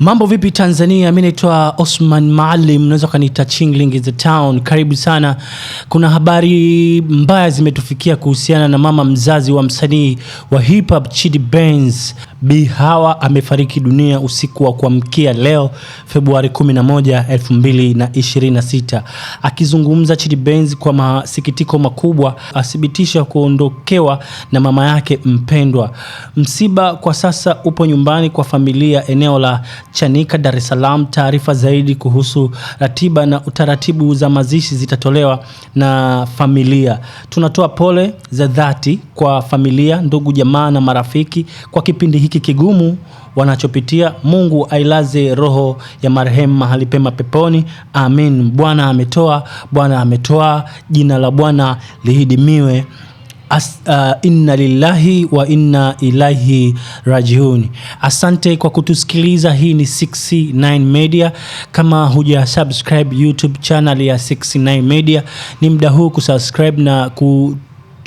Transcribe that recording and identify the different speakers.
Speaker 1: Mambo vipi Tanzania? Mimi naitwa Osman Maalim, unaweza ukaniita Chingling is the town. Karibu sana. Kuna habari mbaya zimetufikia kuhusiana na mama mzazi wa msanii wa hip hop Chidi Benz. Bi Hawa amefariki dunia usiku wa kuamkia leo Februari 11, 2026. Akizungumza Chidi Benz kwa masikitiko makubwa, athibitisha kuondokewa na mama yake mpendwa. Msiba kwa sasa upo nyumbani kwa familia eneo la Chanika, Dar es Salaam. Taarifa zaidi kuhusu ratiba na utaratibu za mazishi zitatolewa na familia. Tunatoa pole za dhati kwa familia, ndugu, jamaa na marafiki kwa kipindi hiki kigumu wanachopitia. Mungu ailaze roho ya marehemu mahali pema peponi, amin. Bwana ametoa, Bwana ametoa, jina la Bwana lihidimiwe. As, uh, inna lillahi wa inna ilaihi rajiuni Asante kwa kutusikiliza. Hii ni 69 Media. Kama huja subscribe YouTube channel ya 69 Media, ni muda huu kusubscribe na ku